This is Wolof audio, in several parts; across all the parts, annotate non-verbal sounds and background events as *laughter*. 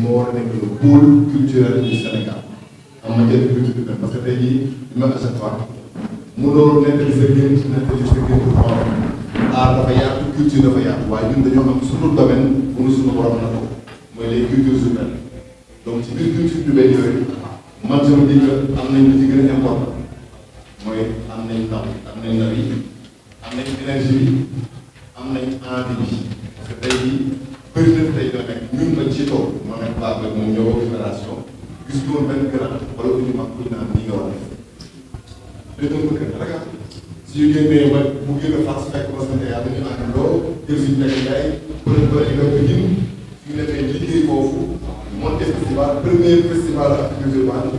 moo war a nekk le pôle culturel du Sénégal en matière de culture urbaine parce que tey jii li ma à chaque fois mënoo nettali sa gént nettali sa gént xool aar dafa yaatu culture dafa yaatu waaye ñun dañoo am sunu domaine bu nu sunu borom na ko mooy les cultures urbaines donc ci biir culture urbaine yooyu man sama di am nañ lu ci gën a important mooy am nañ ndaw am nañ ndaw yi am nañ énergie bi am nañ envie bi parce que tey jii président tey ñoo nekk ñun ma ci toog moo nekk baax rek moom ñoo bokk fédération gis nga woon benn grand wala bu ñu mag bu ñu naan nii nga war a def te dama bëgg ragal ah. su ñu génnee ba bu a fas fekk ma sant yàlla ñu ànd lool jël suñu nekk jaay bële bële nga ko jëm su ñu defee liggéey foofu monté festival premier festival activité urbaine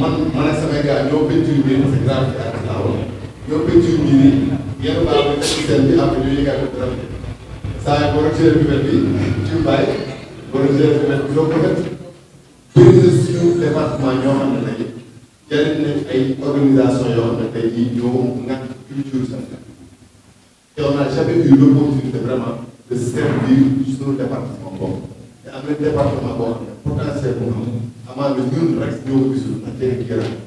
man man ak samay gars ñoo peinture bi parce que grand bi ak taw ñoo peinture bi nii yenn baax na seen bi après ñu yëgaat ko saa yi borom séeréer bu mel nii ci Mbaye borom séeréer bu mel ñoo ko def bëri na suñu département ñoo xam ne tey jëriñ nañ ay organisation yoo xam ne tey jii ñoo ngat culture Sénégal te on a jamais eu l'opportunité vraiment de servir suñu département boobu te am na département boo xam ne potentiel bu am amaa na ñun rek ñoo ko gisul ak yeneen gërëm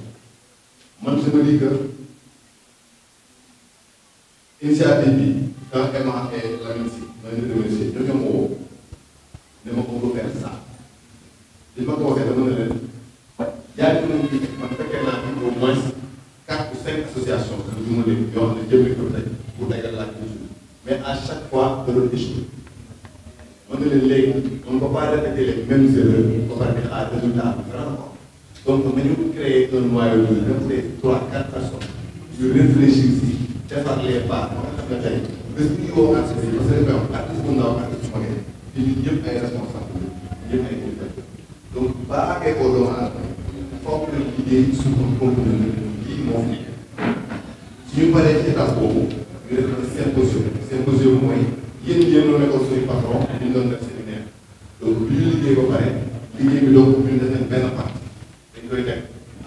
man je me dis que initiative bi. quand Emma et Lamine Sy ma leen di remercier ñoo ñoo ma woo ne ma ko bëgg a faire ça li ma ko waxee dama ne leen jaay ko nañ ci man fekkee naa fi au moins quatre ou cinq associations que ñu mën a yoo xam ne jëmee ko tey pour dagal laaj bi mais à chaque fois da doon échoué mën na leen léegi on ne peut pas répéter les mêmes erreurs ba pare di xaar résultat bi vraiment donc nañu créer un noyau dur même des trois quatre personnes yu réfléchir si defar les pas ba nga xam ne tey bés bu ñuy woo artiste yi parce que dañ koy wax artiste bu ndaw artiste bu mag te ñun ñëpp ay responsable ñëpp ay kilifa donc baa àggee koo doomu aadama foog la liggéey suñu comprendre kii moom suñu paree ci étape boobu nga def na symposium symposium mooy yéen yéen ñoo nekkoon suñu patron ñu doon def séminaire donc bi ñu liggéey ba pare liggéey bi donc ñu def leen benn part dañ koy teg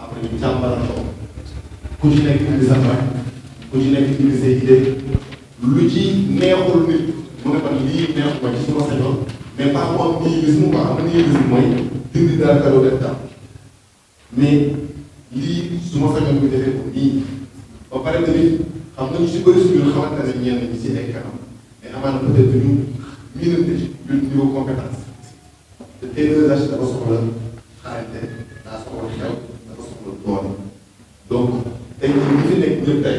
après ñu càmbaral ku ci nekk indi sa ku ci nekk indi say idée lu ci neexul nit mu ne man lii neexul ma ci su ma sañoon mais par rapport ak nihilisme quoi am na nihilisme mooy dindi dara kaloo def dara mais lii su ma sañoon ñu defee ko nii ba pare tamit xam nga ñu si bëri suñu xamante ne ñenn ñi si ay kanam mais amaana peut être ñu minante ci niveau compétence te T2H dafa soxla xaarante daa soxla xel dafa soxla doole donc tey jii ñu fi nekk ñëpp tey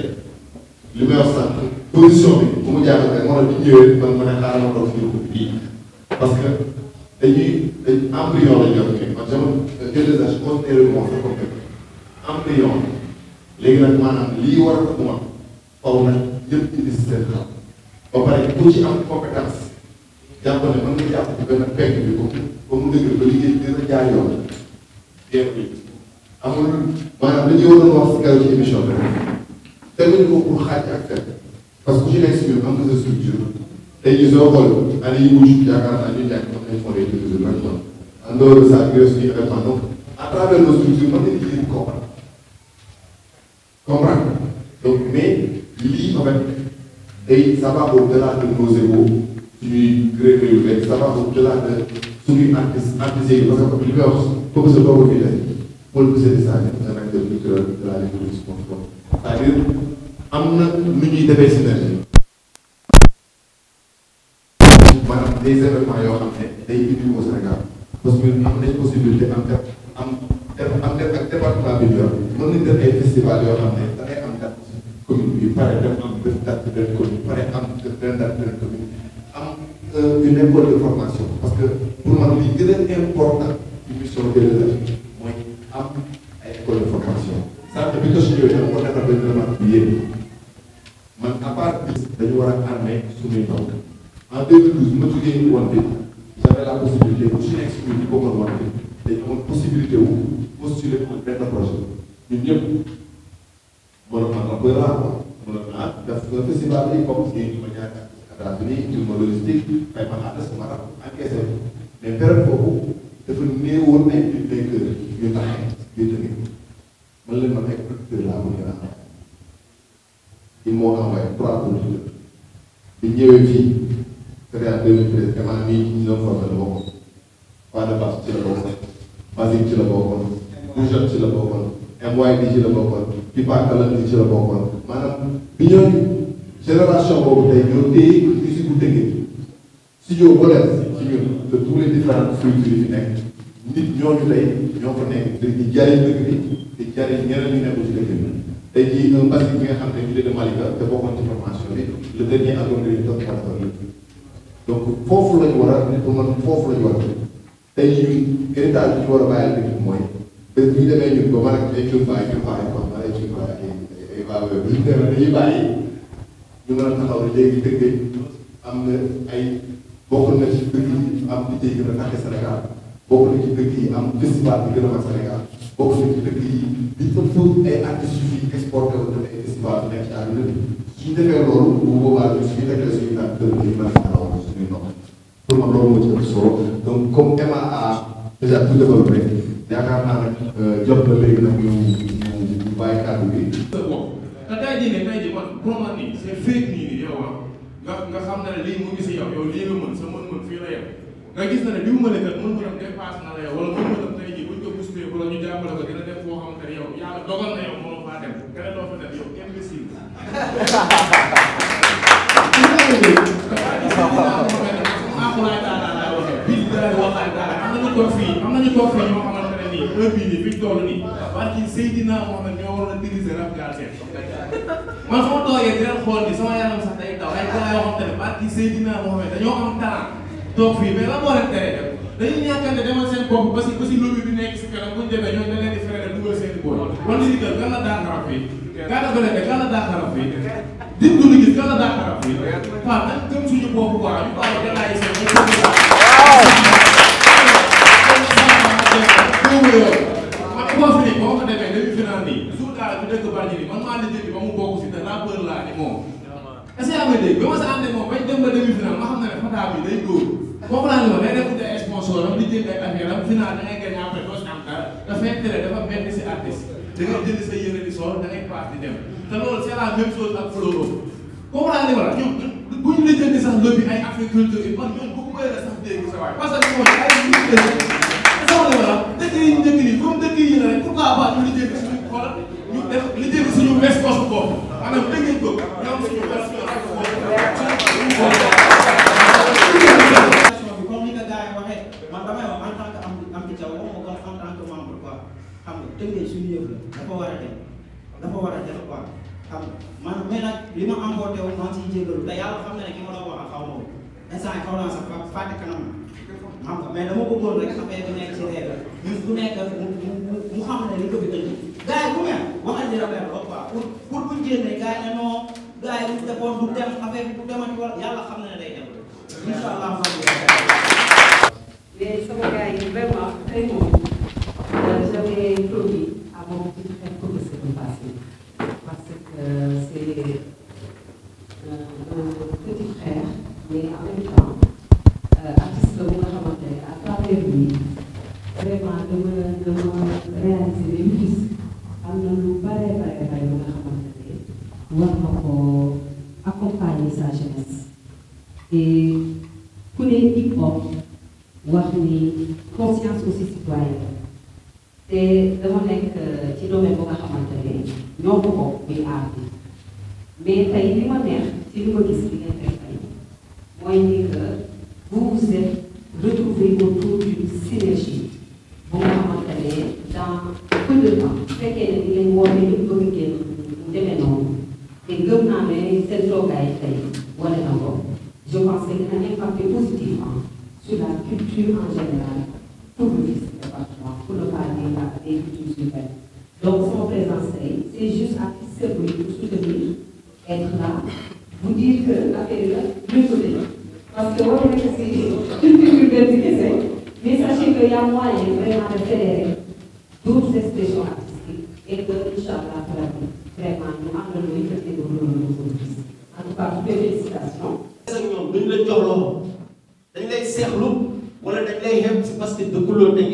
li may wax sànq. position bi bu mu jaaxal rek moo tax ñëwee man ma ne xaaral ma toog suñu kii parce que dañuy dañ embryon lañ yor kii man jamono euh, déréglage considéré bi moom dafa fekk embryon léegi nag maanaam lii war a ko ma faw nag ñëpp ci di seen xam ba pare ku ci am compétence jàpp ne mën nga jàpp ci benn pegg bi ko ba mu dëgër ba liggéey dina jaar yoon jéem bi amul maanaam li ñu waroon wax si kaw ci émission bi rek teguñu ko pour xaaj ak teg parce que ku ci nekk si biir am na sa structure tey jii soo xool année yi mujj yaakaar naa ñu jàng ay fonds et des émissions en dehors de ça curiosité avec donc à travers nos structures mën nañu leen comprendre comprendre donc mais lii en fait tey ça va au-delà de nos égos suñuy gré-gré mais ça va au-delà de suñuy artistes artistes yi parce que li may wax foofu sa bopp bi la Paul Boucher di Sadio c'est un acteur culturel de la République c'est-à-dire. am na nu ñuy defee synergie maanaam des événements yoo xam ne day indi au Sénégal parce que am nañ possibilité am def am def am def ak département bi ñu mën nañ def ay festival yoo xam ne da ngay am date commune bi pare def am benn date benn commune pare am benn date benn commune am euh, une école de formation parce que pour man li gën a important ci mission de war a àndee suñuy ndaw en 2012 ma jógee woon bi j'avais la possibilité ku si nekk si ñun ñu bokkoon woon bi dañ amoon possibilité wu postuler pour benn projet ñun ñëpp mën a mën a koy raar mën a ah def nga festival yi comme ñii ñu ma ñaari at bi nii ma logistique fay ma xaalis ma rab encaissé mais période boobu dafa néewoon ay une des gi ci la bokkoon di pàccalam gi ci la bokkoon maanaam bi ñooñu génération boobu tey ñoo téye musique bu tëggee studio bu leen ci ñun de tous les différentes structures yi fi nekk nit ñooñu tey ñoo ko nekk di jariñ dëkk bi di jariñ ñeneen ñu nekkul ci dëkk bi tey jii un bassin bi nga xam ne ñu dee de Malika te bokkoon ci formation bi le dernier album de top donc foofu lañu war a nit bu man foofu lañu war a tey ñun héritage bi ñu war a bàyyi dëkk bi mooy bés bu ñu demee ñun ba pare ay jumbaay jumbaay yi wax ay jumbaay ay baaboo bu ñu demee dañuy bàyyi ñu mën a taxaw léegi dëgg am na ay bokk na ci dëkk yi am di yi gën a taxe Sénégal bokk na ci dëkk yi am festival bi gën a mag Sénégal bokk na ci dëkk yi di ëpp ay artistes yu fi exporté wu def ay festival bi nekk ci àdduna bi suñu defee loolu bu boobaa ñun suñu defee suñu naan dëkk yi mën a taxaw suñuy nopp pour man loolu moo ci ëpp solo donc comme Emma a déjà tout développé yaakaar naa nag euh, jot na léegi nag ñu ñu bàyyi kàddu bi. te tey jii ne tey jii man comment nii c'est fake nii nii yow ah nga nga xam ne lii mu ngi si yow yow lii nga mën sa mën fii la yow nga gis na ne li mu mën a kat mën-mënam dépassé na la yow wala mën-mënam tey jii buñ ko boosté wala ñu jàppale ko dina def foo xamante ne yow yàlla dogal na yow mënoo faa dem nga ne doo fa def yow imbécile. *laughs* am na ñu toog fii am na ñu toog fii ñoo xamante un millier fi ñu toll nii. parce que Seydina Mohamed ñoo waroon a diriger rap Galsen. man sama toogee di leen xool ni sama yaram sax day daw ay gars yoo xam te ne parce que Seydina Mohamed dañoo am talent. toog fii mais lan moo leen tere def dañuy ñàkk ne demal seen bopp ba si ba si lobby bi nekk si kanam bu ñu demee ñoom dañ leen di fere dugal seen i bool. kon li ñu gën kan la daa xarab fii. kan la bële de kan la daa xarab fii. dit du ñu gis kan la daa xarab fii. waaw nañ gëm suñu bopp quoi ñu bàyyi gànnaay seen man école bi boo ko demee demi-finale nii jour daal bu dëkk Bargny man maa leen jëndi ba mu bokk si te rappeur laa ni moom. est-ce que yaa ngi dégg bi ma sa àndee moom bañ dem ba demi-finale ma xam ne Fata bi day dóor kooku laa ne ma day def ay sponsor am di jënd ay affaire am final da ngay gagné après doo si am dara te fekk ne dafa benn si artiste da ngay jënd sa yére di sol da ngay paas di dem te loolu c'est la même chose ak Floro kooku laa ne ma la ñoom bu ñu la jëndee sax lobby ay agriculture yi man ñoom bu ko bëri la sax dégg sa waay parce que moom ay yi ñu njëkk nii comme dëkk yi rek pourquoi pas ñu lijjanti suñu xoolal ñu def lijjanti suñu response boobu maanaam dëgg ko ñoom suñu version ak boobu comme ni ko gars yi waxee man damay wax en tant que am am ci jaw waxuma ko en tant que membre quoi xam nga tënkee suñu yëf la dafa war a dem dafa war a def quoi xam nga man mais nag li ma emporté wu maa ngi ciy jégalu te yàlla xam na ne ki ma doon waxal xaw ma woon instant yi xaw naa sax fàtte kanam xam nga mais dama bëggoon rek affaire bi nekk ci réew mi bu nekk mu mu mu xam ne li ko fi tënk. gars yi bu mel waxal di rafet ko quoi pour pour buñ génnee gars yi ne non gars yi liñ defoon du dem affaire bi du demati wala yàlla xam na ne day dem. incha allah ma ngi mais sama gars yi vraiment tey moom j'avais promis à mon petit frère expression artistique et que incha allah vraiment ñu am na lu yëkkati ba en tout cas félicitations. ñoom duñ la jox loxo dañ lay seexlu wala dañ lay xeeb ci parce que dëkkuloo dëgg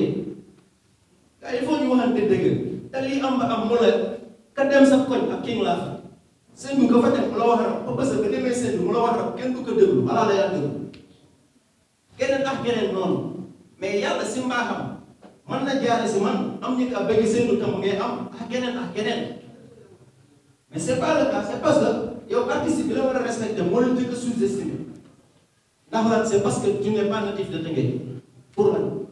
il faut ñu waxante dëgg te lii am ba am mu la am ñi ka bëgg seenu tam ngay am ak keneen ak keneen mais c'est pas le cas c'est parce que yow artiste bi la war a respecté moo leen jëkk a sous-estimé ndax lan c'est parce que tu n'es pas natif de Tëngéej pour lan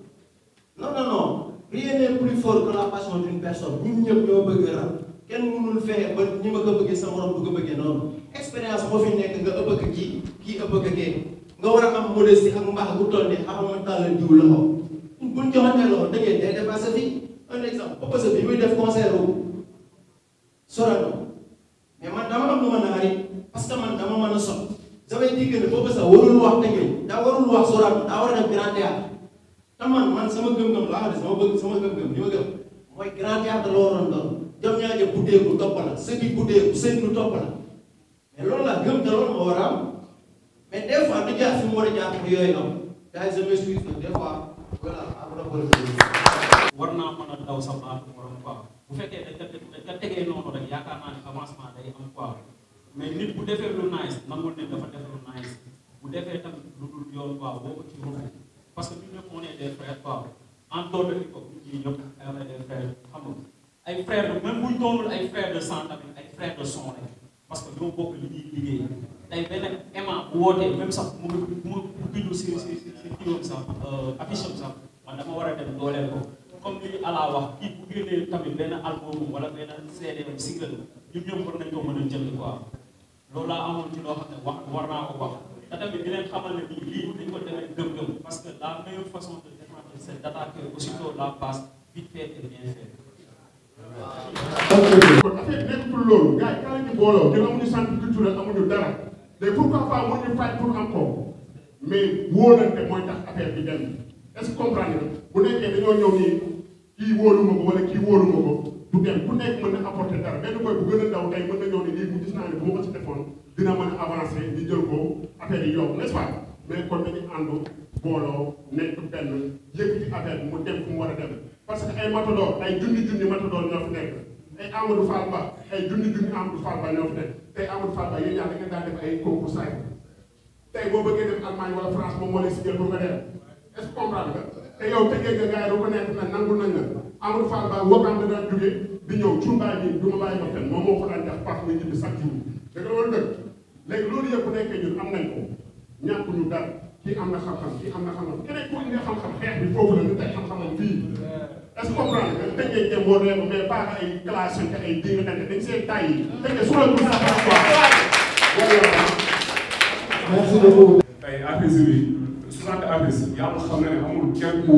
non non non rien n'est plus fort que la passion d'une personne ñun ñëpp ñoo bëgg rab kenn mënul fexe ba ñi ma ko bëggee sa morom du ko bëggee noonu expérience boo fi nekk nga ëpp ak kii kii ëpp ak kee nga war a am modestie ak mbaax bu toll nii xamal ma tàllal jiw loxo buñ joxantee loxo dëggee day dépassé fii un exemple Papa Sow bi muy def concert boobu sorano mais man dama am lu ma naxari parce que man dama mën a sot damay digg ne Papa Sow warul wax Tëngéej daa warul wax sorano daa a def grand théâtre te man man sama gëm-gëm laa xam ne sama bëgg sama gëm-gëm li ma gëm mooy grand théâtre la waroon doon jom ñaaje buddeeku topp la sëñ yi buddeeku sëñ lu topp la mais loolu laa gëm te loolu ma war a am mais des fois du jaar fi mu war a jaar yooyu am daal je m'excuse des fois voilà war naa mën a daw sa baatu borom quoi bu fekkee dañ ko dañ ko tegee noonu rek yaakaar naa ne avancement day am quoi mais nit bu defee lu nice nangul ne dafa def lu nice bu defee tamit lu dul yoon quoi boo ko ci rufu parce que ñun ñëpp on est des frères quoi en dehors de hip hop ñun ñëpp on est des frères xam nga ay frères de même bu ñu doonul ay frères de sang tamit ay frères de son rek parce que ñoo bokk li ñuy liggéey tey benn aimant bu wootee même sax mu ngi mu ngi bindu si si si kii sax euh, affiche am sax man dama war a dem dooleel ko. comme li alaa wax kii bu génnee tamit benn album wala benn CD single ñun ñëpp war nañ ko mën a jënd quoi loolu laa amoon ci loo xam ne wax war naa ko wax te tamit di leen xamal ne nii lii dañ ko demee gëm-gëm parce que la meilleure façon de défendre c'est d'attaquer aussitôt la passe vite fait et bien fait. kon affaire nekkul loolu gars yi kaay ñu booloo ñun amuñu centre culturel amuñu dara mais pourquoi pas mën ñu faj pour am ko mais wóolante mooy tax affaire bi dem est-ce que comprendre nga bu nekkee dañoo ñëw nii. kii wóoruma ko wala kii wóoruma ko du dem ku nekk mën na apporter dara benn boy bu gën a ndaw tey mën na ñëw ne lii bu gis naa ne bu ma ko si defoon dina mën a avancer ñu jël ko affaire yi yokku n'est-ce pas mais kon dañu ànd booloo nekk benn yëkkati affaire bi mu dem fu mu war a dem parce que ay matador ay junni junni matador ñoo fi nekk ay Amadou Fall Ba ay junni junni Amadou Fall Ba ñoo fi nekk tey Amadou Fall Ba yéen ñaar da ngeen daan def ay concours tay tey boo bëggee dem Allemagne wala France moom moo lay si jël pour nga dem est-ce que comprendre nga. te yow tëjee nga gars yi reconnaître na nangul nañ la Amadou Fall ba wokkaam da daan jógee di ñëw cuumbaay bi du ma bàyyi ba fen moom moo ko daan def pax nga ñibbi chaque jour da nga loolu dëkk léegi loolu yëpp nekkee ñun am nañ ko ñàkk ñu dara kii am na xam-xam kii am na xam-xam keneen ku indi xam-xam xeex bi foofu la ñu teg xam-xamam fii est-ce que comprendre nga tëjee jëm boo dee mais baax ay classe te ay dégg nga dañ seen tay yi tëjee su la ko saa quoi. merci beaucoup. tey affaire bi. 30 artistes yàlla xam na ne amul kenn ku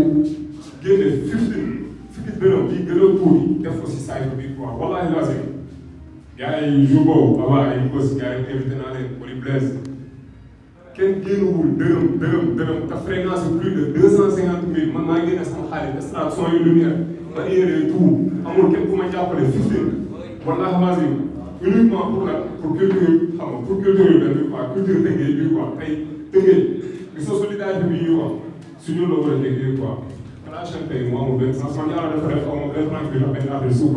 fifteen fukki dërëm bi gën a tuuti def ko si site bi quoi wallaahi lazim gars yi jour boobu avant ay bës gars yi invité naa leen Coly Blaise kenn génnewul dërëm dërëm dërëm te fréquence plus de deux cent cinquante mille man maa génne sama xaalis extraction yu lumière ma yéree tout amul kenn ku ma jàppale fifteen wallaahi lazim uniquement pour la pour culture xam nga pour culture yu benn bi quoi culture tënkee bi quoi tey tënkee gis nga solidarité bi ñuy wax suñu la war a déggee quoi. Flash tey mu amul benn sens man yàlla dafa def amul benn franc bi la benn affaire suuf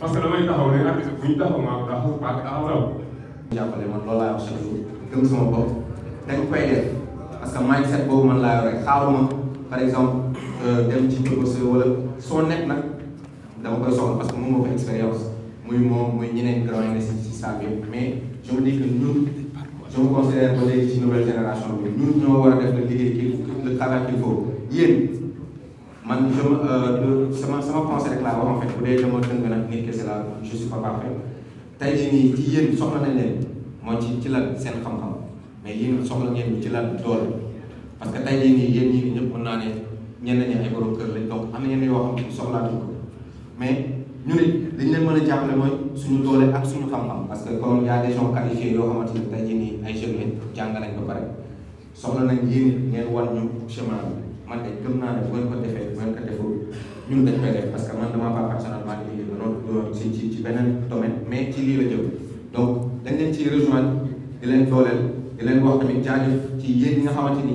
parce que damay taxaw ne artiste bu ñu taxaw maa ko taxaw ak taxaw. jàppale man loolu laa wax surtout gëm sama bopp dañ koy def parce que mindset boobu man laa yor rek xaaruma par exemple euh, dem ci négocier wala soo nekk nag dama koy soxla parce que moom moo ko expérience muy moom muy ñeneen grand yi ne si si saa mais je me dis que ñun. je me considère ba léegi ci nouvelle génération bi ñun ñoo war a def le liggéey kii le travail qu'il yéen man euh, sama sama conseil rek laa wax en dee dama tënk nag nit kese la je suis pas parfait nii ci yéen soxla nañ leen mooy ci ci seen xam-xam mais yéen soxla ngeen ci lan doole parce que tey nii yéen ñii ñëpp mën naa ne ñenn ñi ay borom kër lañ donc am na ñenn yoo xam ne soxlaatuñ ko mais. ñu ne dañ leen mën a jàppale mooy suñu doole ak suñu xam-xam parce que comme y a des gens qualifiés yoo xamante ni tey jii nii ay de naa ne ko defee dañ koy def parce que man dama pas personnellement di ci mais ci lii la jëm donc dañ leen ciy rejoindre di ci yéen ñi nga xamante ni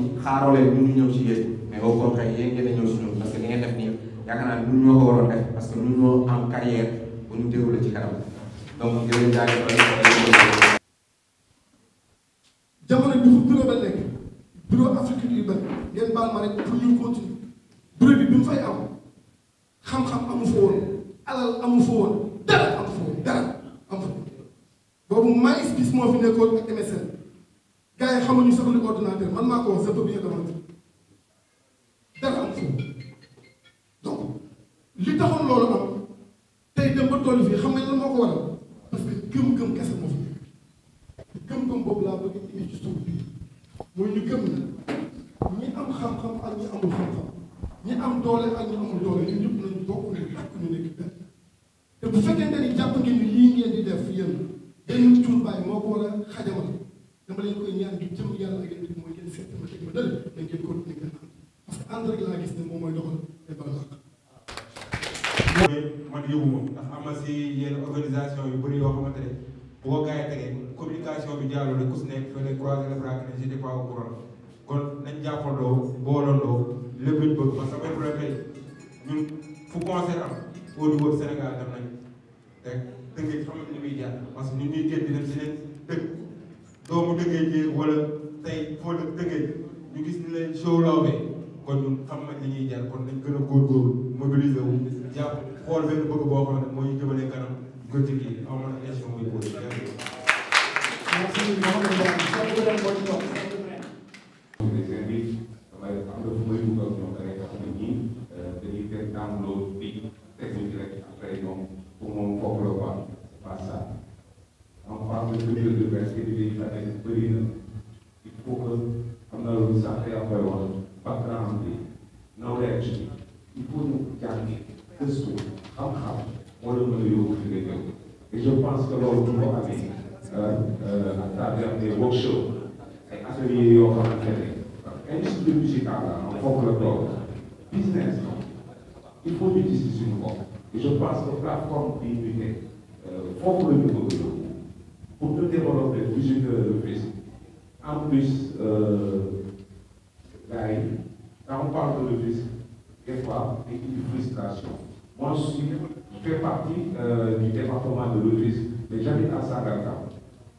ñëw ci yéen mais au contraire yéen ngeen ñëw si yaakaar naa ñun ñoo ko waroon def parce que ñun ñoo am carrière bu ñu déroulé ci kanam donc di leen jaajëfal. jamono bi fu bureau ba ngeen baal ma rek pour ñu continuer bureau bi bi mu fay am xam-xam amu fa woon alal amu fa woon dara amu fa woon dara amu fa woon boobu mais bis moo fi nekkoon ak MSN gars yi xamuñu sax lu ordinateur man maa ko wax c'est bien li taxoon loolu am tey dem ba toll fii xam nga lan moo ko waral parce que gëm-gëm kese moo fi nekk gëm-gëm boobu laa bëgg indi ci suuf bi mooy ñu gëm na ñi am xam-xam ak ñi amul xam am doole ak ñi amul doole ñun ñëpp nañu bokk ne tàkk ñu nekk benn te bu fekkente ni jàpp ngeen ni lii ngeen di def yéen dañu cuurbaay moo ko war a xajamal dama leen koy ñaan di jëm yàlla ak yéen mooy ngeen seet ma teg ma dal da ngeen ko continuer parce que ànd rek laa gis ne moom mooy doxal yoo xamante ne bi jaarul rek ku parce que samay que ñun ñuy doomu dëggee jéeg wala tey foo dëggee ñu gis ni leen show lawbee kon ñun xam nga li ñuy jaar kon nañ gën a góorgóorlu mobiliser wu jàpp xool benn bëgg boo xam ne moo ñu jëmalee kanam guddi gi aw ma nekk question bi posé merci Mouhamadou Diagne soo ko doon boo ci toog damay am na fu may dugg ak ñoom da ngay xam ne ñii dañuy teg tàmbaloo bi technique rek après ñoom pour moom foofu la quoi par ça en face de milieu de presse que di fa nekk bëri na il faut que am na loolu sax te yaa koy wax background bi knowledge bi il faut ñu jàngi gëstu xam-xam moo la mën a yóbbu et je pense que loolu du ko amee euh, euh, à travers des workshops ay ateliers yoo xamante ne parce que business non il faut ñu gis suñu bopp et je pense que plateforme bi ñu ne euh, foofu la ñu bëgg yóbbu pour le développer musique de Rufisque en plus gars yi quand on parle de Rufisque des fois dañuy frustration moi je fait partie euh, du département de Rufisque mais j'habite à Sangalkam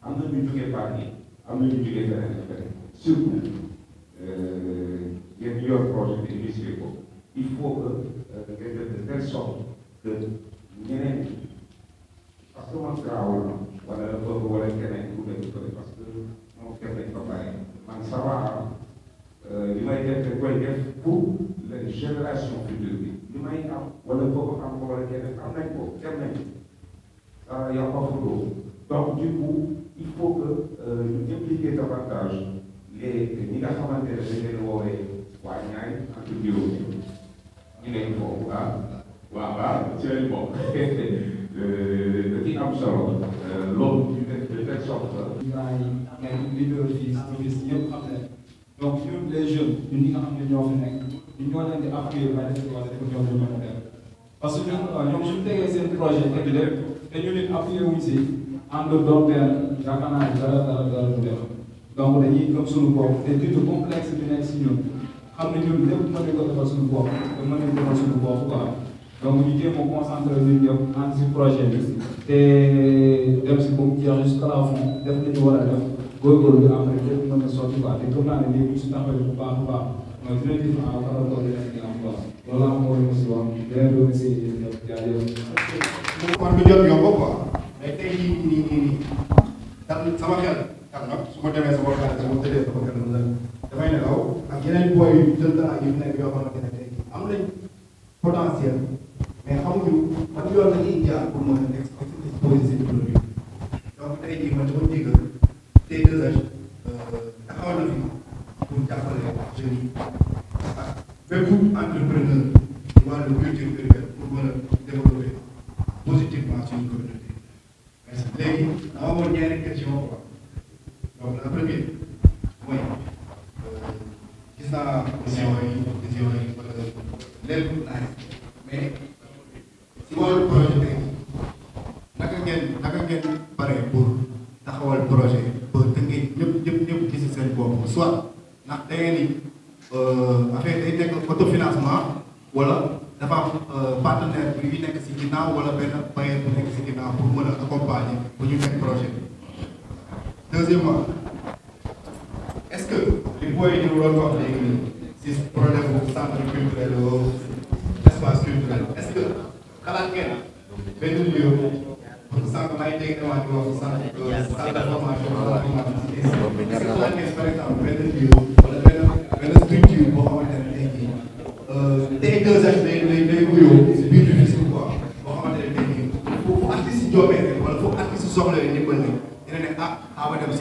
am na ñu jógee Paris am na ñu jógee feneen ak feneen surtout euh, ngeen yor projet bi initié ko il faut que euh, ngeen def de telle sorte que ñeneen parce que man garaawul na wala boobu wala keneen ku nekk parce que moom kenn dañ ko bàyyi man ça va li may def koy def pour les générations futures bi may am wala bëgg am ko wala keneen am nañ ko kenn nañ ko ah, y'a pas photo donc du coup il faut que euh, ñu impliquer davantage les ñi nga xamante ne dañ leen woowee waa ñaari ak bureau bi ñu ne foofu ah waaw waaw ci lañ bokk *laughs* euh, da ci am solo euh, loolu ñu def de telle sorte que. leader yi activiste ñëpp xam ne donc ñun les jeunes ñun ñi nga xam ne ñoo fi nekk. ñoo leen di appuyer ba def projet pour ñoom ñu mën a dem parce que ñun ñoom suñu tegee seen projet te bi lépp te ñu leen appuyer wuñ si ànd doog benn yaakaar naa ne dara dara dara du dem donc dañuy gëm suñu bopp te tuuti complexe bi nekk si ñun xam ne ñun lépp mën nañ ko defal suñu bopp te mën nañ ko defal suñu bopp quoi donc ñu jéem a concentré ñun ñëpp ànd si projet bi te dem si boobu jeex jusqu'à la fin def li ñu war a def góorgóorlu bi après lépp mën na sotti quoi te gëm naa ne lii bu ñu si taxawee bu baax a baax. nga gën a gis ma am faral koo def nga am quoi loolu am moo ma si wax benn doon si ñëpp jaajëf. man mi jot yomb quoi mais tey jii nii nii nii dal sama xel tam nag su ma demee sama xel sama tëddee sama xel la damay nelaw ak yeneen booy yu jël dara yu nekk yoo xamante ne tey am nañ potentiel mais xamuñu ban yoon la ñuy jaar pour mën a nekk exposé seen produit donc tey jii man dama dégg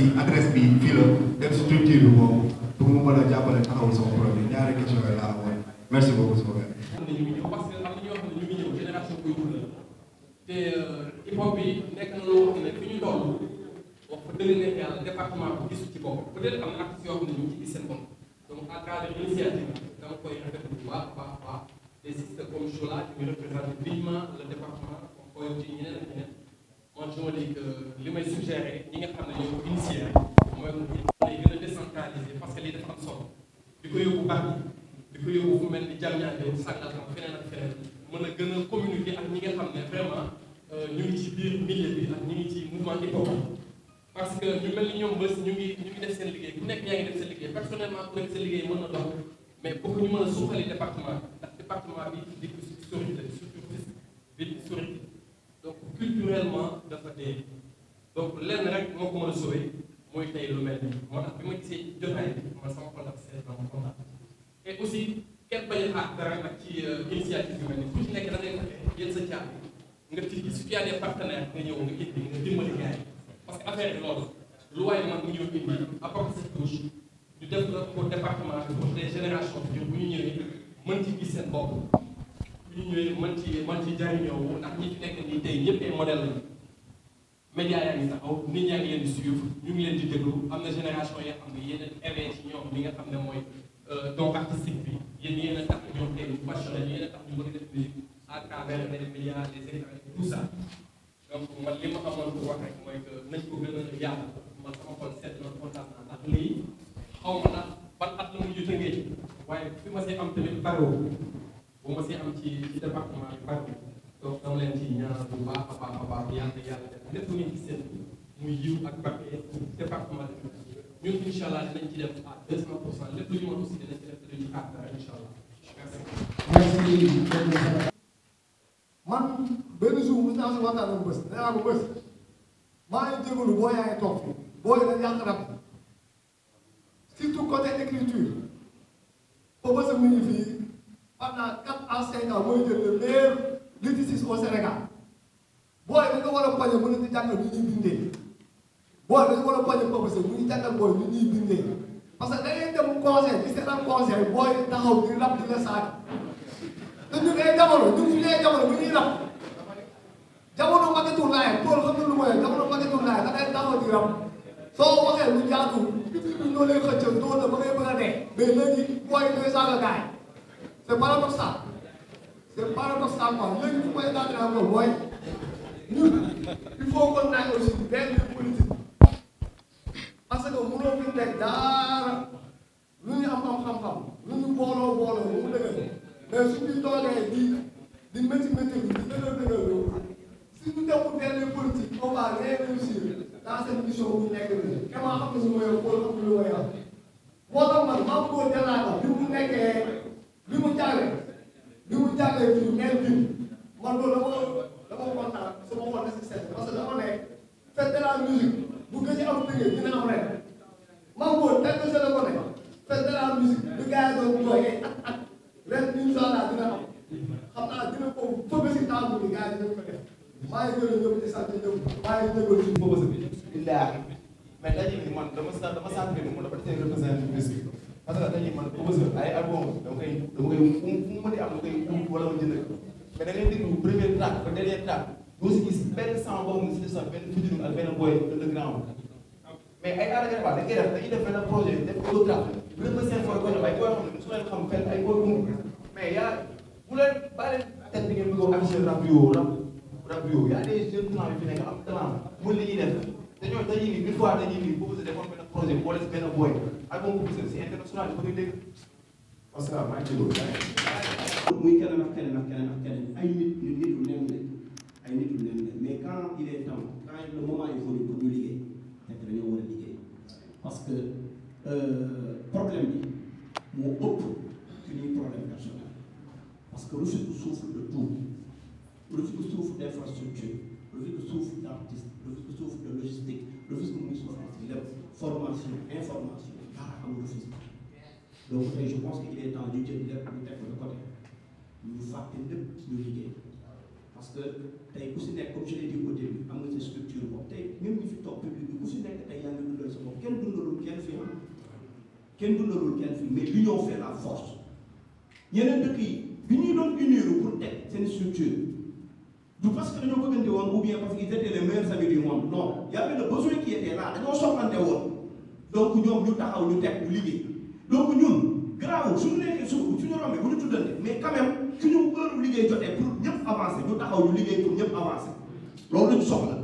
si adresse bi fii la dem structure bi boobu pour mu mën a jàppale taxawul sama projet ñaari question yi laa amoon merci beaucoup sama gars. am na ñu ngi ñëw parce que am na ñoo xam ne ñu ngi ñëw génération buy wut la te euh, hip hop bi nekk na loo xam ne fi ñu toll wax fa dëgg nekk yàlla département bi gisu ci bopp peut être am na actes yoo xam ne ñu ngi ci gis seen bopp donc à travers initiative dama koy rafetlu bu baax a baax a baax des systèmes comme Jola qui représente dignement le département comme koy ci ñeneen ak ñeneen. man je me dis li may suggéré ñi nga xam ne ñoo initié mooy ne gën a décentraliser parce que lii dafa am solo di ko yóbbu baax di ko yóbbu mel ni Diamniadio Sangalkam feneen ak feneen mën a gën a communiquer ak ñi nga xam ne vraiment euh, ñu ngi ci biir milieu bi ak ñu ngi ci mouvement hip hop parce que ñu mel ni ñoom bés ñu ngi ñu ngi def seen liggéey ku nekk yaa ngi def seen liggéey personnellement ku nekk seen liggéey mën na dox ñu mën a suuxali donc culturellement dafa dee donc lenn rek moo ko mën a sauvé mooy tey lu mel nii moo tax bi ma gisee jotaay bi man sama xol dafa seet dama kontaan et aussi kenn bañ a xaar dara nag ci euh, initiative yu mel nii ku ci nekk da ngay fexe jël sa caabi nga tijji su fekkee des partenaires nga ñëw nga indi nga dimbali gars yi parce que affaire bi loolu wo waaye man mu ñëw indi apporte sa touche ñu def la pour département bi pour les générations ñun bu ñu ñëwee mën ci gis seen bopp. ñu ñëwee mën ci mën ci jariñoo ndax ñi fi nekk nii tey ñëpp ay modèle lañu média yaa ngi taxaw nit ñaa ngi leen di suivre ñu ngi leen di déglu am na génération ya xam ne yéen a éveillé ci ñoom li nga xam ne mooy euh, donc artistique bi yéen yéen a tax ñoom tey passionné yéen a tax ñu bëgg def musique à travers les médias les écrans tout ça donc man li ma xamoon pour wax rek na que nañ ko gën a yàlla man sama xol seet na kontaan naa ndax lii xaw ma na ban at la mu jotee waaye fi ma see am tamit baroo bu ma am ci ci département bi bari donc dama leen ci ñaanal bu baax a baax a baax yàlla yàlla def lépp ngeen ci seen muy yiw ak barke département de ñun incha allah dinañ ci def à deux cent pour cent lépp lu ñu mën aussi dinañ ci def dañuy ànd incha allah merci. merci. man benn jour mos naa si waxtaan ak bés nee naa ko bés maa ngi jégalu boo yaay toog boo yore yàq rab surtout côté écriture. Sénégal mooy jël le meilleur litigiste au Sénégal booy dañu war a poñe mën nañu jàngal ñu ñuy bindee booy dañu war a poñe professeur mu ñu jàngal booy ñu ñuy bindee parce que da ngay dem conseil ci seen conseil booy taxaw di rab di la saag te ñun ay jamono ñun suñu ay jamono bu ñuy rab jamono màggatul naa yee tool xam nga lu mooy jamono màggatul naa yee da ngay taxaw di rab soo waxee lu jaatu public bi ñoo lay xëccal doon na ba ngay bëgg a dee mais léegi booy ñooy saaga gaay c'est paradoxal c'est paradoxal quoi léegi ñu koy daal di mooy ñun il faut qu'on ait aussi benn politique parce que mënoo fi teg dara lu ñu am am xam-xam lu ñu booloo booloo ba mu dëgër mais suñu toogee di di métti métti di dëgër dëgër loolu si ñu demul benn politique on va rien réussir dans cette mission bu nekk nii vraiment xam nga su ma yor kóol ak lu ma yor moo tax man maa ngi ko jëlaat bi mu nekkee bi mu jaaree. bi mu jàppee fii mel bi man loolu dama dama kontaan sama xol na si seen parce que dama ne fête de la musique bu gëj a am liggéey dina am ren maa ngi woon tel que je le connais fête de la musique bi gars yi doon jooyee at at ren incha allah dina am xam naa dina ko fëgg si taamu bi gars yi dinañ ko def maa ngi gën a ñëw di sant ñëw maa ngi ñëw di suñu bopp sa bi. mais daje bi man dama sa dama sant bi mu dafa tey représenté musique parce que dañuy man compositeur ay album dama koy dama koy fu mu mën di am dama koy ut wala ma jënd mais da ngay déglu premier track ba dernier track doo si gis benn sang boo xam ne si sax benn futur ak benn boy underground mais ay aada garabaat dañ koy def dañuy def benn projet def auto track bu leen seen booy koy def ay booy xam ne su leen xam fenn ay booy mu mais yaa bu leen bàyyi leen teg bi ngeen bëgg a affiché rap yo rap rap yo y a des jeunes talent bi fi nekk am talent mun li ñuy def dañoo dañuy nii une fois dañuy nii compositeur defoon benn projet boole si benn boy album bu Boucher c'est international ñu koy dégg. parce que maa ngi ci loolu. muy keneen ak keneen ak keneen ak keneen ay nit ñu nit lu leen leen ay nit lu leen leen mais quand il est temps quand le moment il faut pour ñu liggéey fekk dañoo war a liggéey parce que problème bi moo ëpp suñuy problème personnel parce que lu fi souffre de tout lu fi souffre d'infrastructure lu fi souffre d'artiste lu fi souffre Rufisque dëkk Rufisque mu ngi souffrir ci lépp formation information dara amul Rufisque donc tey je pense que il est temps ñu jël lépp ñu teg ko de côté ñu fàtte lépp ñu liggéey parce que tey ku si nekk comme je l'ai dit au début am nga sa structure boobu tey même ñi fi toog public bi ku si nekk tey yaa ngi dundal sa bopp kenn dundalul kenn fi am kenn dundalul fi mais l'union fait la force ñeneen dëkk yi bi ñuy doon unir pour teg seen structure du parce que dañoo bëggante woon ou bien parce qu'ils étaient les meilleurs amis du monde non y avait le besoin qui était là dañoo soxlante woon donc ñoom ñu taxaw ñu liggéey donc ñun garaawul suñu nekkee suñu suñu rombee bu ñu tuddante mais quand même suñu heure liggéey jotee pour ñëpp avancer ñu taxaw ñu liggéey pour ñëpp avancer loolu lañu soxla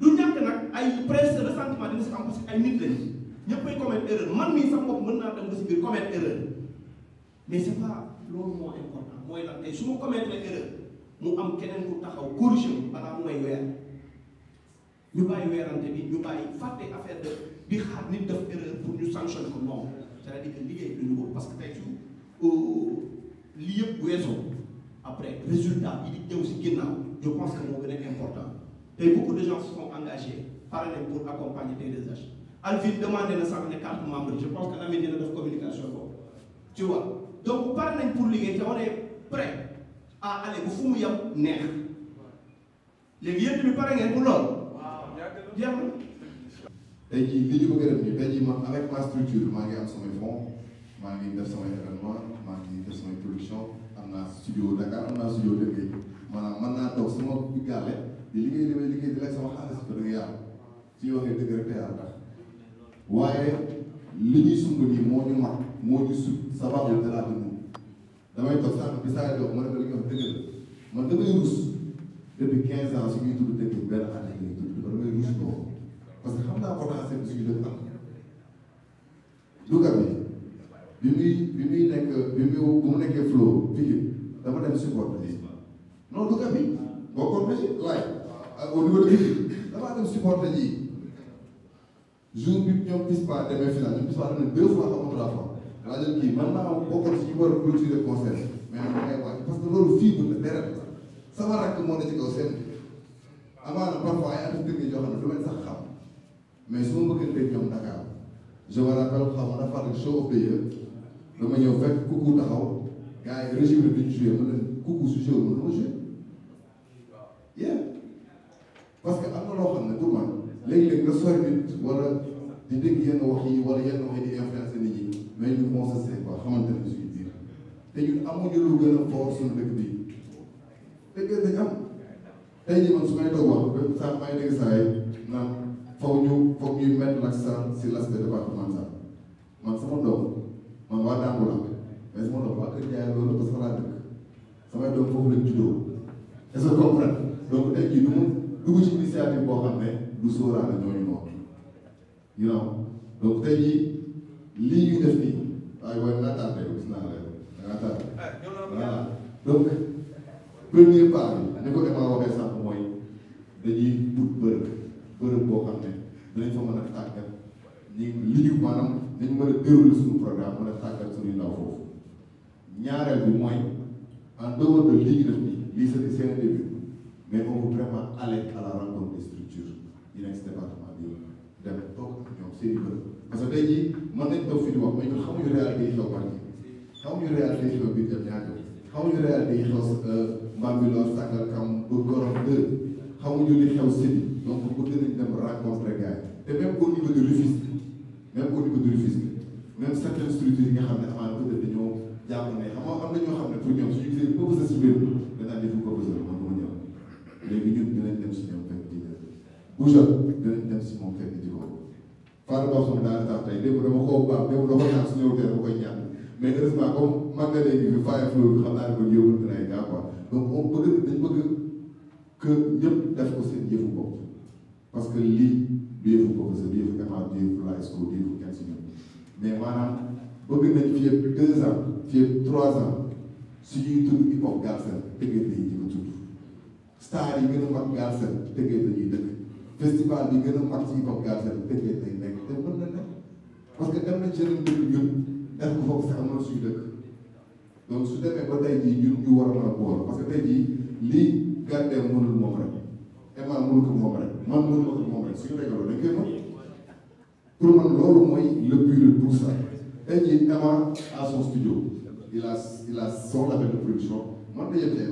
du ñàkk nag ay presse de ressentiment dina si am parce que ay nit ñëpp ay commettre erreur man mii sax bopp mën naa dem ba si biir commettre erreur mais c'est pas loolu moo mu am keneen ku taxaw corrigé wu balaa mu may weer ñu bàyyi weerante bi ñu bàyyi fàtte affaire de bi xaar nit def erreur pour ñu sanctionné ko moom c'est-à-dire que liggéey bi ñu ko parce que tey su euh, li yëpp weesoo après résultat yi di ñëw si ginnaaw je pense que moo gën a important tey beaucoup de gens se sont engagés pare nañ pour accompagner T2H Alvin demandé na sax ne carte membre je pense que Amine dina def communication boobu tu vois donc pare nañ pour liggéey te on est prêt ah ale bu fu mu yem neex léegi yéen bi pare ngeen pour loolu. jeex na. tey jii li ñu bëgg a def nii tey jii ma avec ma structure maa ngi am samay fonds maa ngi def samay événement maa ngi def samay production am naa studio Dakar am naa studio Dengay maanaam mën naa toog sama gàlle di liggéey demee liggéey di lekk sama xaalis ba dëgg yàlla su ñu waxee dëgg rek te yàlla tax waaye li ñuy sumb nii moo ñu mag moo ñu sut sababu dara damay toog sànq bi saa yoo ma ne ko li nga wax dëgg la man damay ruus depuis 15 ans su ñuy tudd dëgg benn année lay tudd man damay ruus boobu parce que xam naa potentiel bi suñu bi bi muy bi muy nekk bi muy bu mu nekkee flow Pikine dama dem support bi non bi bokkoon na ci laaj au niveau de Pikine damaa dem support ji jour bi ñoom Pispa demee final ñoom Pispa dem na deux fois xaw ma trois fois. maa jël kii man maa bokkoon ci ñu war a clôturer concert mais man damay wàcc parce que loolu fii bu la deret la sama rakk moo ne ci kaw seen bi amaana parfois ay artiste dëgg yoo xam ne du leen sax xam mais su ma bëggantee ñoom Dakar je me rappelle xaw ma dafa am show of the year dama ñëw fekk kuku taxaw gars yi régime bi ñu joué ma ne pour man léeg-léeg nga sori di dégg yenn wax yi wala yenn wax yi di influencer nit ñi mais ñu conseillé quoi xamante ne suñu biir te ñun amuñu lu gën a fort suñu dëkk bi dëgg dañ am tey jii man su may toog wax ba sax may dégg saa yi naan foog ñu foog ñuy mettre l'accent sur l'aspect départemental man sama doom man waa Dàngu la mais sama doom waa Kër Ndiaye loolu parce que laa dëkk samay doom foofu lañ juddoo est-ce que comprendre donc tey jii du mu dugg ci initiative boo xam ne du sóoraale ñooñu noonu. you know donc tey jii lii ñuy def nii waaye booy naa tardé gis naa la da ngaa tardé voilà donc premier pas bi ni ko Emma waxee sax mooy dañuy wut bërëb bërëb ne dinañ fa mën a tàggat li ñu maanaam dañ mën a déroulé suñu programme mën a tàggat suñuy ndaw foofu ñaareel bi mooy en dehors de li ñu def nii lii c'est seen début mais on veut vraiment aller à la rencontre des structures yi nekk si département bi ñoom seen i bërëb parce que tey jii mën nañ toog fi di wax mais ñun xamuñu réalité yi xew Bargny xamuñu réalité yi xew biir jam ñaajo xamuñu réalité yi xew euh, Bambilor Sangalkam ba Gorom 2 xamuñu li xew Séni donc bëgg nañ dem rencontrer gars te même au niveau de Rufisque même au niveau de Rufisque même certaines structures yi nga xam ne amaana peut-être dañoo jàpp ne xam am na ñoo xam ne pour ñoom suñu gisee proposé si biir danaa def proposé man ma ñëw léegi ñun dinañ dem si ñoom fekk Fane Ba xam daal tax tey démb dama koo baax démb dama ko ñaan su ñëw tey dama koy ñaan mais heureusement comme man de léegi bi fire flow bi xam naa ne ko yóbbul dina ay gars quoi donc on bëgg dañ bëgg que ñëpp def ko seen yëfu bopp parce que lii du yëfu bopp c'est du yëfu émat du yëfu la ISCO du yëfu kenn si ñoom mais maanaam bëgg nañ fii ak deux ans fii ak trois ans suñuy tudd hip hop Galsen Tëngéej la ñuy jëm a tudd star yi gën a mag Galsen Tëngéej la ñuy festival bi gën a mag ci bopp Galsen Tëngéej lay te mën na nekk parce que dem na ci yeneen dëkk ñun def ko foofu sax mooy suñu dëkk donc su demee ba tey jii ñun ñu war a mën a boor parce que tey jii lii gàddee mënul moom rek Emma mënu ko moom rek man mënu ko moom rek suñu régaloo dañ koy mën pour man loolu mooy le but de tout ça tey jii Emma à son studio a il a son de production man la yem ci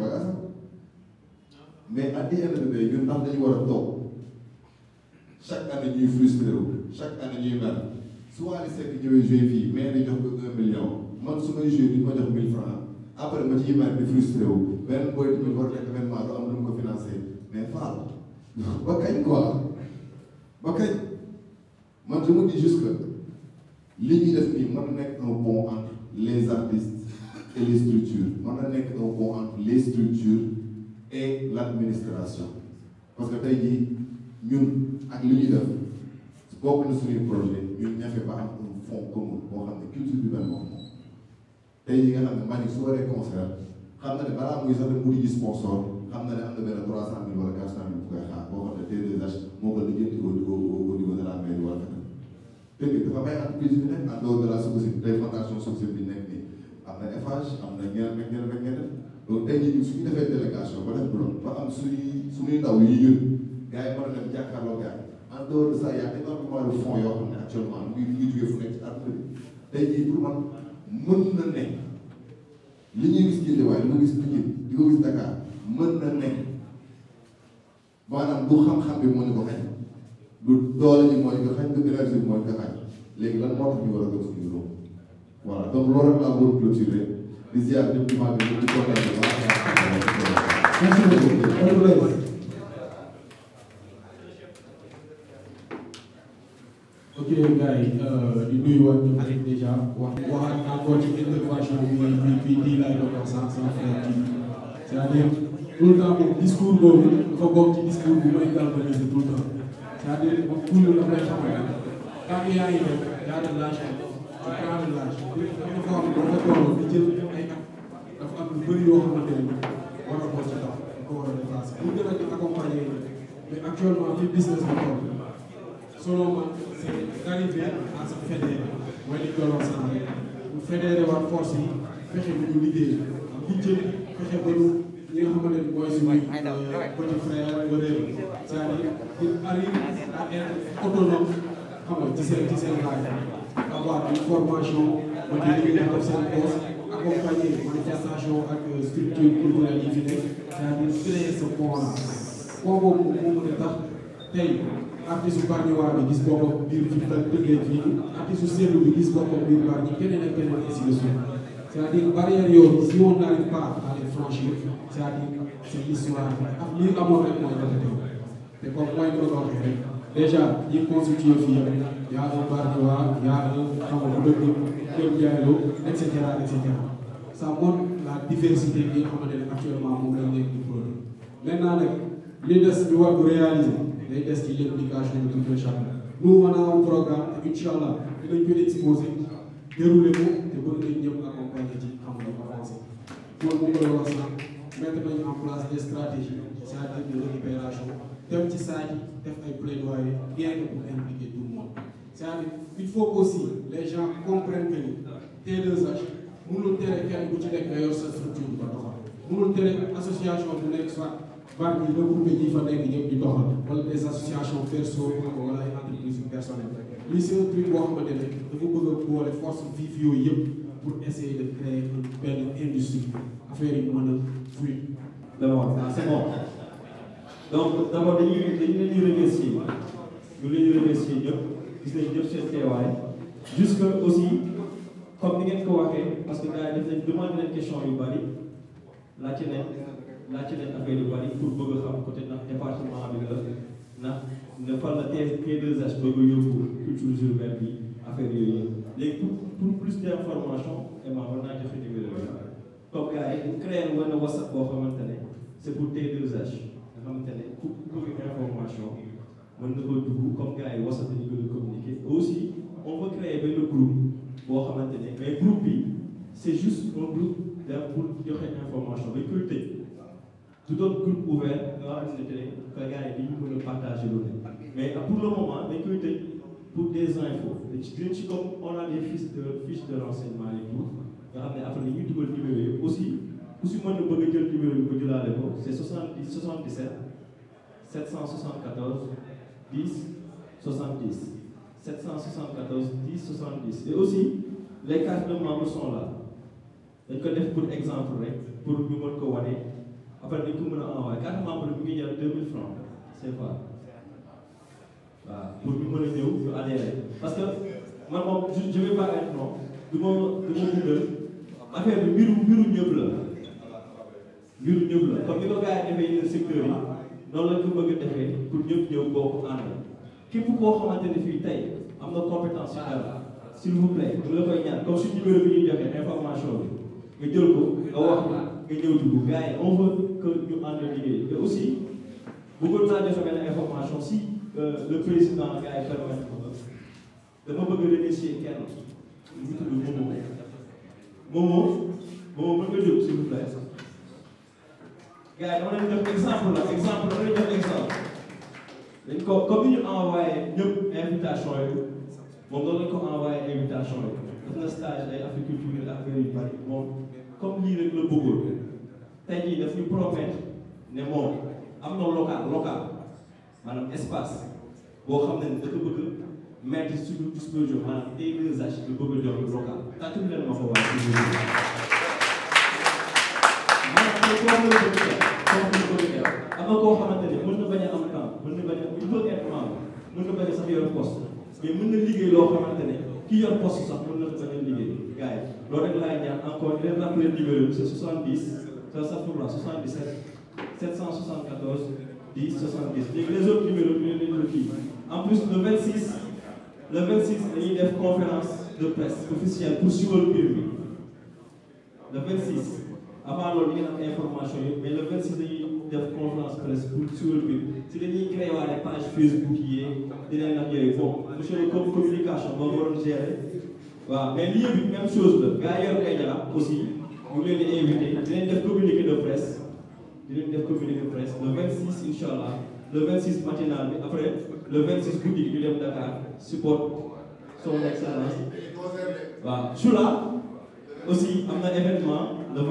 ay at the chaque année ñuy frustré wu chaque année ñuy mer su Wally Seck ñëwee joué fii maire yi jox ko un million man su may joué duñ ma jox mille francs après ma ciy mer di frustré wu benn booy tamit war lekk événement du am lu mu ko financé mais faal *laughs* ba kañ quoi ba kañ man je me dis juste que li ñuy def nii mën na nekk un pont entre les artistes et les structures na nekk un pont entre les structures et l'administration parce que tey jii ñun. ak li ñuy def bokk na suñuy projet ñun ñafe ba am un fonds commun boo xam ne culture bi benn moom moom tey yi nga xam ne Malick su waree concert xam na ne balaa muy sax dem mu di sponsor xam na ne am na benn trois cent mille wala quatre cent mille bu koy xaar boo xam ne T2H moo ko lijjanti au niveau au niveau de la mairie wala te bi dafa may entreprise bi nekk en dehors de la société des fondations société bi nekk nii am na Eiffage am na ñeneen ak ñeneen ak ñeneen donc tey jii su ñu defee délégation ba def bloc ba am suñuy suñuy ndaw yi ñun gars yi mën a dem jàkkaarloo gars en dehors de ça y a énormément de fonds yoo xam ne actuellement mu ngi mu ngi jógee fu nekk ci àdduna bi tey jii pour man mën na ne li ñuy gis Guédiawaye mu gis Pikine di ko gis Dakar mën na ne maanaam du xam-xam bi ji moo ñu ko xañ du énergie bi moo ñu ko xañ léegi lan moo tax ñu war a gëm suñu loolu voilà donc loolu rek laa bëggoon clôturer di ziar ñëpp di ci leen gars yi di nuyuwaat ñu Aliou déjà wax bi bi di laay doon wax sans sans faire kii c'est-à-dire tout le temps moom discours boobu may galvaniser tout le temps c'est-à-dire moom toujours daf lay xamal ne tant que yaa ngi def yaa ngi lâché ci temps de di jël ay at dafa am lu bëri yoo xamante ne war a bokk ci tax dafa war a dépassé pour gën a accompagner man c'est d'arriver à se fédérer mooy li ñu doon wax sànq bu fédéré waat force fexe bu ñu liggéey bu fexe ba li nga xamante mooy suñu petit frère ba réew c'est-à-dire il arrive à être autonome xam nga ci seen ci seen laaj avoir une formation ak structure culturelle yi fi nekk c'est-à-dire créer ce pont là pont boobu moo mën a tax artiste su Bargny-Waar bi gis boppam biir ci tëggee ci artiste su Sédhiou bi gis boppam biir Bargny keneen ak keneen ainsi de suite c'est-à-dire barrière yooyu si on n'arrive pas à les franchir c'est-à-dire c'est l'histoire ak lii amoon rek mooy dara tey te comme mooy ko doon waxee rek déjà ñi constitué fii y a un Bargny-Waar y a un xam nga bu dëkk Kër Diallo et cetera et cetera ça montre la diversité bi nga ne actuellement moom lañ leen di produire maintenant nag li des ñu war ko réaliser day des ci l'application bi duñ koy changé nous on a un programme te te bëgg nañ ñëpp accompagner ci xam nga avancé loolu bu koy wax sax mettre nañu en place des stratégies c'est-à-dire de récupération dem ci saa yi def ay plaidoyer rien que pour impliquer tout le monde c'est-à-dire il faut aussi les gens comprennent mu ni T2H mënul tere kenn ku ci nekk nga yor sa association bu nekk soit banque yi regroupé ñi fa nekk ñëpp di doxal wala des associations perso wala ay entreprises personnelles lii c'est un truc boo xamante ne dafa bëgg a boole force vive yooyu yëpp pour essayer de créer une benn industrie affaire yi mën a fluide. d'abord ah c'est bon donc d'abord dañuy dañu leen di remercier ñu leen di remercier ñëpp gis nañ ñëpp seen teewaay jusque aussi comme ni ngeen ko waxee parce que gars yi def nañ demande leen question yu bari laajte nañ. laajte nañ affaire yu bari pour bëgg a xam côté ndax département bi la ndax ne par la T2H bëgg a yóbbu culture urbaine bi affaire yooyu léegi pour pour plus d' information vraiment eh war naa joxe numéro bi comme gars yi bu créé woon na WhatsApp boo xamante ne c' est pour T2H nga xamante ne ku bëgg information mën na ko dugg comme gars yi WhatsApp dañu gën a communiquer aussi on veut créer benn groupe boo xamante ne mais groupe bi c' est juste un groupe du doon groupe ouvert nga xamante ne que gars yi dañu mën a partager loolu mais euh, pour le moment dañ koy tëj pour des infos dañ ci comme on a des fiches de fiches de renseignement et tout nga xam ne après dañuy dugal numéro yi aussi ku si mën na bëgg jël numéro bi ko jëlaale ko c' est 70 77 774 10 70 774 10 70 et aussi les cartes de membres sont là dañ ko def pour exemple rek pour ñu mën ko wane. après dañ ko mën a envoyé carte membre bi ngi jar 2000 francs c'est quoi waaw pour ñu mën a ñëw ñu adhéré parce que man moom je vais pas être non du ma du ma dugal affaire bi mbiru mbiru ñëpp la mbiru ñëpp la kon ni ko gars yi defee yenn secteurs yi noonu la ñu ko bëgg a defee pour ñëpp ñëw bokk ànd képp koo xamante ne fii am nga compétence yu dara s'il vous plaît bu la koy ñaan comme suñu numéro bi ñuy joxe information bi nga jël ko nga wax nga ñëw dugg gars yi on que ñu ànd liggéey te aussi bëggoon naa joxe benn information si le président gars yi permettre ko dama bëgg remercier kenn ñu tudd Momo Momo Momo mën nga jóg s'il vous plaît gars yi dama leen jox exemple la exemple dama leen jox exemple dañ ko comme ni ñu envoyé ñëpp invitation yi moom doon lañ ko envoyé invitation yi def na stage ay agriculture affaire yu bari moom comme lii rek la bëggoon tey jii daf ñu promettre ne moom am na local local maanaam espace boo xam ne dafa bëgg mettre suñu disposition maanaam T2H lu bëgg a jox local tàccul leen ma ko waaye suñu am na koo xamante ne mën na bañ a am temps mën na bañ a il faut être membre mën na bañ a sax yor poste mais mën na liggéey loo xamante ne ki yor poste sax mën na ko bañ a liggéey gars yi loolu rek laay ñaan encore leen rappelé numéro bi c'est 70 ça s'affourra 77 774 10 70 léegi les autres di kii en plus le 26 le 26 dañuy def conférence de presse officielle pour suivre mbir mi le 26 avant loolu ñu ngi am information yi mais le 26 dañuy def conférence presse pour suivre mbir mi si dañuy créé waale page Facebook yi dinañ am yooyu bon monsieur le com communication boo waroon gérer waaw mais lieu bi même chose la gars yi yor ay jara aussi. ñu ngi leen di invité di leen def communiqué de presse di de presse le 26 incha allah le 26 matinal bi après le 26 guddi ñu dem Dakar support son excellence waaw Chula aussi am na événement le 20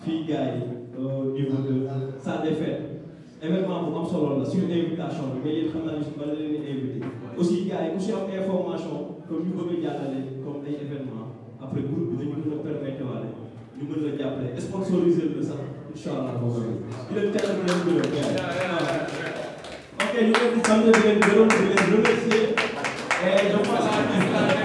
fii gars yi au niveau de salle des fêtes événement bu solo la sur invitation bi mais yéen xam naa ne su ma la si am information comme ñu bëgg a jàllale comme ay événement après groupe bi dañu mën a permettre ñu mën la jàppale sponsorisé la sax incha allah boo ko di leen teel a mën leen gërëm ok ñu ngi leen di sant di leen gërëm di leen remercier et je pense